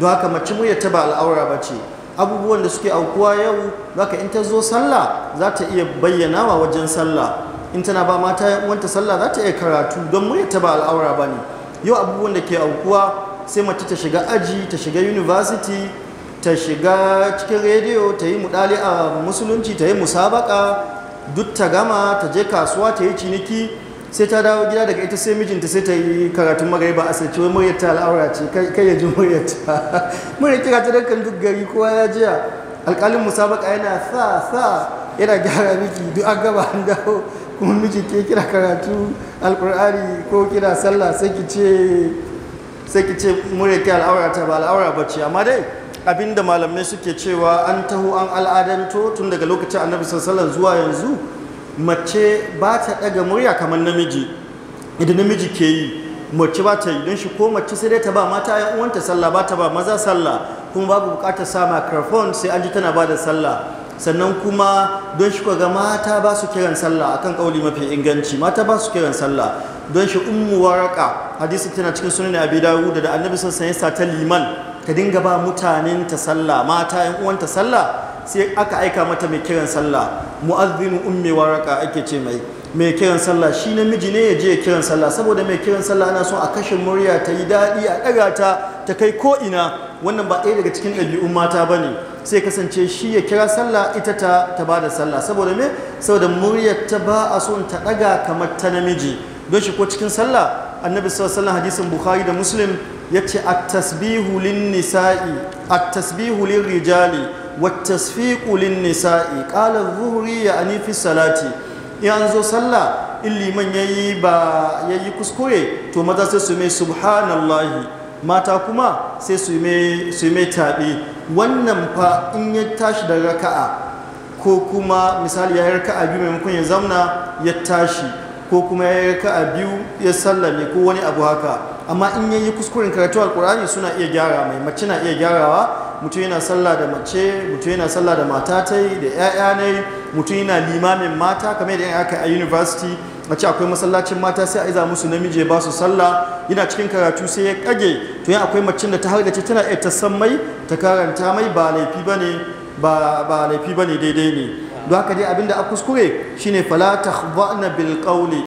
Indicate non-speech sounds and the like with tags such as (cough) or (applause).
don haka mace mu ya ba al'aura ba ce abubuwan da suke aukuwa yau zaka in ta zo sallah za ta iya bayyana wajen sallah in tana ba mata wanta sallah za ta iya karatu don mu ya ba al'aura ba ne yau abubuwan da ke aukuwa sai mace ta shiga aji ta shiga university ta shiga cikin rediyo ta yi mudali a musulunci ta yi musabaka duk ta gama ta je kasuwa ta yi ciniki sai ta dawo gida daga ita sai mijinta sai ta yi karatun ba a sai ciwo muryar ta al'aura ce kai ya ji muryar ta (laughs) muryar kira ta dukkan duk gari kowa ya jiya alƙalin musabaka yana sa sa yana gyara miki duk an gaba an dawo kuma miji ke kira karatu alƙur'ani ko kira sallah sai ki ce sai ki ce muryar ta al'aura ta ba al'aura ba ce amma dai abinda malamai suke cewa an taho an al'adanto tun daga lokacin annabi sallallahu zuwa yanzu mace ba ta ɗaga murya kamar namiji idan namiji ke yi mace ba ta yi don shi ko mace sai dai ta ba mata yan uwanta sallah ba ta ba maza sallah kuma babu bukatar sa microphone sai an ji tana ba da sallah sannan kuma don shi ga mata ba su kiran sallah akan kauli mafi inganci mata ba su kiran sallah don shi ummu waraka hadisi tana cikin sunan abi dawud da annabi sallallahu alaihi wasallam ta liman ta dinga ba mutanen ta sallah mata yan uwanta sallah sai aka aika mata mai kiran sallah mu'azzinu ummi waraka ake ce mai mai kiran sallah shi namiji ne ya je kiran sallah saboda mai kiran sallah ana so a kashe murya ta yi daɗi a ɗaga ta ta kai ko ina wannan ba ɗaya daga cikin ɗabi'un mata ba ne sai kasance shi ya kira sallah ita ta ta ba da sallah saboda me saboda muryar ta ba a son ta ɗaga kamar ta namiji don shi ko cikin sallah annabi sallallahu alaihi hadisin bukhari da muslim ya ce a tasbihu lin nisa'i a tasbihu rijali wa tasfiqu lin nisa'i ƙalar zuhuri ya a salati in an zo sallah in liman yayi ba yi kuskure to maza sai su mai subhanallahi mata kuma sai su mai taɓe wannan fa in ya tashi da raka'a ko kuma misali ya yi raka'a biyu maimakon ya zamna ya tashi ko kuma ya yi a biyu ya sallame ko wani abu haka amma in yayi kuskuren karatu alkur'ani suna iya gyara mai mace na iya gyarawa mutum yana sallah da mace mutum yana sallah da mata da 'ya'ya ne mutum yana limamin mata kamar da aka a university mace akwai masallacin mata sai a iza musu namiji ba su sallah yana cikin karatu sai ya kage to yin akwai macin da ta hargace tana iya ta san mai ta karanta mai ba laifi ba ne daidai ne don haka dai abinda a kuskure shine fala tahdhana bil qawli